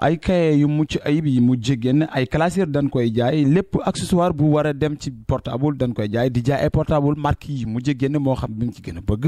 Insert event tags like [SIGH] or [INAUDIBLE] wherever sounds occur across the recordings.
ay cahier yu mucc ayib yi mujj génn ay classeur dañ koy jaay lépp accessoire bu war dem ci portable dañ koy jaay di jaay ay portable marque yi mujj génn moo xam bi mu ci gën a bëgg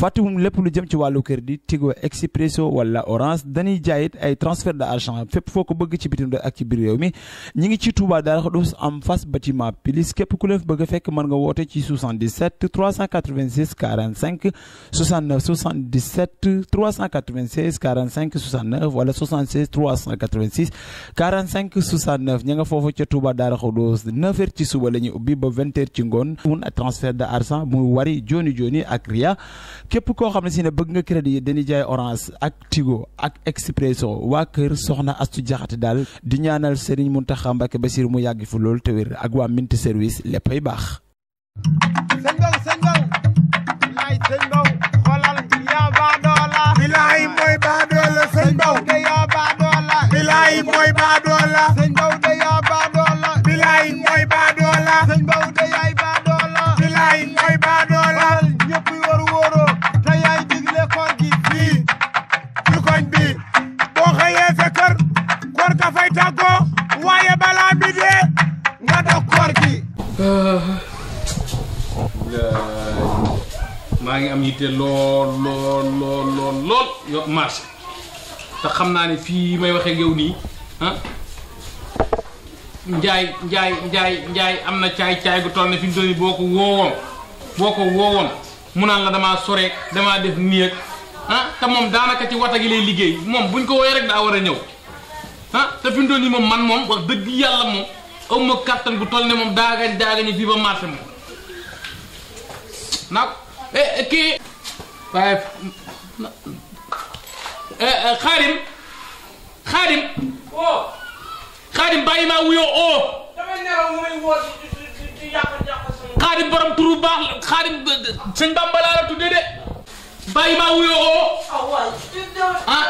fàttali lépp lu jëm ci wàllu crédit Tigo Expresso wala Orange dañuy jaayit ay transfert d'argent fépp foo ko bëgg ci bitim ak ci biir réew mi ñi ngi ci Touba Darou Khoudoss am face bâtiment pilis képp ku la bëgg fekk mën nga woote ci 77 386 45 69 77 396 45 69 wala 76 386 45 69 ña nga foofu ca Touba Daara Khoudous 9h ci suba la ñuy ubbi ba 20 ci ngoon. mun transfert de argent muy wari joni joni ak Ria képp koo xam ne si ne bëgg nga crédit yi dañuy jaay Orange ak Tigo ak Expresso waa kër Soxna Astu Jaxate daal di ñaanal Serigne Mountakha Mbacké Bassir mu yàgg fi loolu te wér ak waa Mint Service léppay baax. sëñ Ndao sëñ bilaay mooy baadoola sëñ Daouda yaa mooy baadoola sëñ Daouda yaay baadoola bilaay mooy baadoola ñëpp wóoro te yaay digle koor gi fii ci koñ bi boo xëyee sa kër koor ka fay tàggoo waaye balaa bi dee nga dog koor gi maa ngi am yitte lool lool lool lool lool yo te xam naa ne fii may waxe yow nii ah, njaay njaay njaay njaay am na caay-caay bu toll ne fi mu toll boo ko woowoon boo ko woowoon mu naan la dama sore damaa def nii ak ah te moom daanaka ci wata gi lay liggéey moom buñ ko wooyee rek daa war a ñëw ah te fi mu moom man moom wax dëgg yàlla moom aw ma kàttan bu toll ne moom daagañ daagañu fii ba marché moom naa eh, ko xaadim xaadim xaadim bàyyi maa wuyoo oo xaadim borom turu baax xaadim sëñ Bamba laa la tudde de bàyyi maa wuyoo oo ah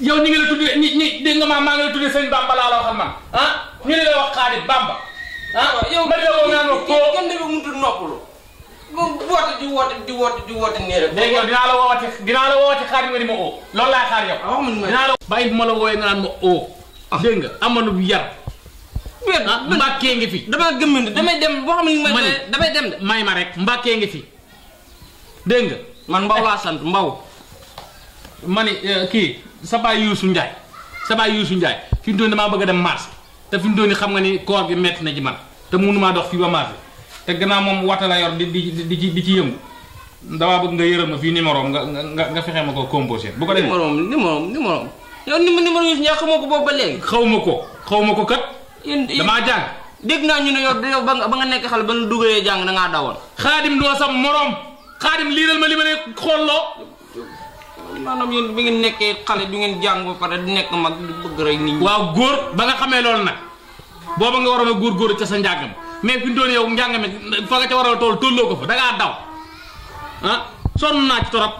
yow ñi ngi la tudde ñi ñi dégg nga maa maa ngi la tudde sëñ Bamba laa la waxal man ah ñu ne la wax xaadim Bamba ah yow ma dégg nga naan ko kenn mënut a noppalu woote di woote di woote di woote nii rek. léegi yow dinaa la woowati dinaa la woowati xaar nga di ma oo loolu laay xaar yow. Ah, bàyyi bu ma la woowee nga naan ma oo. ah dégg nga amanu bu yar. Ah, mbàkkee ngi fi. damaa gëmmante damay dem xam ne damay dem may ma rek mbàkkee ngi fi dégg nga. man Mbaw laa sant Mbaw. ma ni eh, kii sa baay Youssou Ndiaye sa baay Youssou Ndiaye fi mu toll damaa bëgg dem marché te fi mu toll xam nga ni koor bi metti na ci man te mënumaa dox fii ba marché. te gannaaw moom wata la yor di di di ci di ci yëngu damaa bëgg nga yërëm ma fii numéro nga nga nga fexee ma ko composé. bu ko defee numéro numéro numéro. yow numéro yi ñàkk moo ko boobu ba léegi. xaw ma ko xaw ma ko kat. damaa jàng. dégg naa ñu ne yow yow ba nga nekk xale ba nga dugalee jàng da ngaa dawoon. xaadim doo sam morom. xaadim liiral ma li ma lay xooloo. maanaam yéen bi ngeen nekkee xale du ngeen jàng ba pare nekk mag bëgg rek nit waaw góor ba xamee loolu nag booba nga waroon a góor ca sa njaagam mais fi mu doon yow njàng mi fa nga ca war a tool tolloo ko fa da ngaa daw ah naa ci torop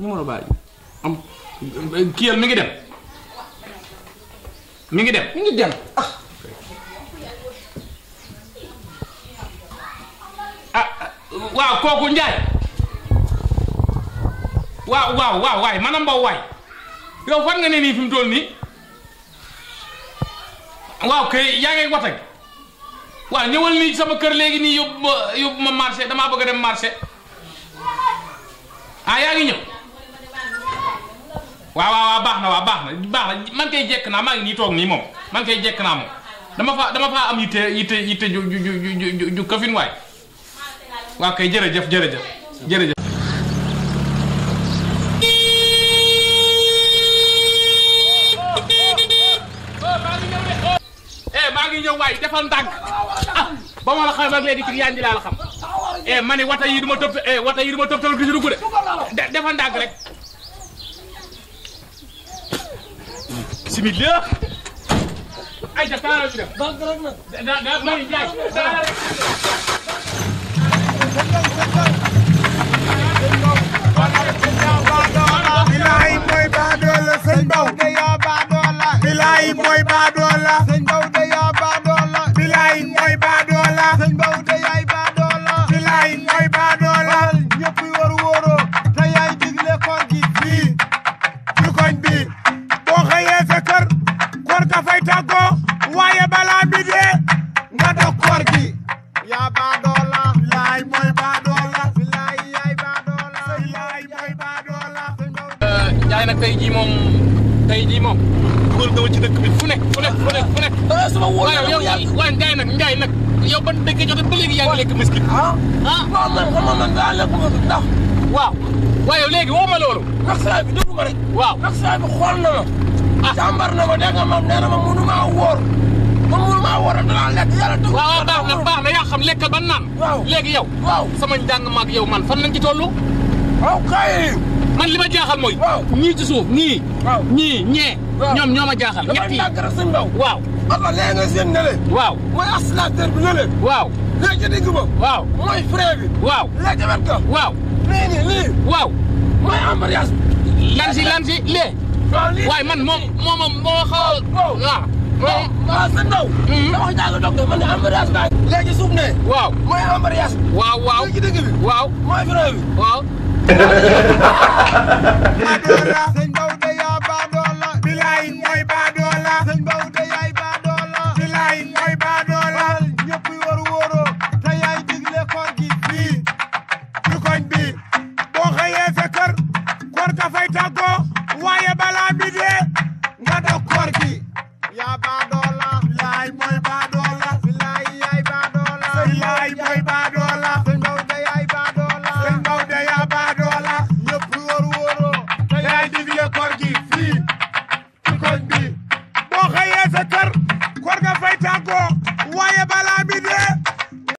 numéro baa ji am kiyal mi ngi dem mi ngi dem mi ngi dem ah, ah waaw kooku Njaay waaw waaw waaw waay maanaam mbaw waay yow fan nga ne nii fi mu toll nii waaw kay yaa ngi watag waaw ñëwal nii sama kër léegi nii yóbbu ma yóbbu ma marché damaa bëgg a dem marché ah yaa ngi ñëw waaw waaw waaw baax na waaw baax na baax na man kay jekk naa maa ngi nii toog nii moom man kay jekk naa moom dama fa dama faa am yitte yitte yitte ju ju ju ju ju kafin waay waaw kay jërëjëf jërëjëf jërëjëf. Eh, eh, maa ngi ñëw waay defal ndànk ba ma la xam ak léegi ci yaa ngi laa la xam eh ma ne wata yi du ma tëb eh wata yi du ma tëb tëb di si dugg de dafa ndàgg rek. bismillah. ay da daa la ci def. daa daa daa mari jaay daa la rek. Touba ah sama wóor la yow waaye Ndiaye nag Ndiaye nag yow ban dëkk joxe ba léegi yaa ngi lekk miskit. ah ah waaw waaye yow woo ma loolu. ndax saa bi déglu ma rek. waaw ndax saa bi xool na ah jàmbar na ma dégg ma nee maa wóor. man mënu maa wóor danaa lekk yàlla dugg. waaw baax na baax na yaa xam waaw léegi yow. waaw sama njàng ma man fan lañ ci toll. waaw man li ma jaaxal mooy. ñii ci suuf ma jaaxal. ñett yi da nga sëñ Ndao. waaw oto lee nga seen ne leen. waaw mooy aspirateur bi ne leen. waaw lee ca digg ba. waaw mooy frein a. waaw. [LAUGHS] baadoola sëñ Daouda yaa baadoola bilaay mooy baadoola sëñ Daouda yaay baadoola bilaay mooy baadoola ñëpp war wóoroo te yaay digle koor gi fii ci koñ bi boo xëyee sa kër koor ka fay tàggoo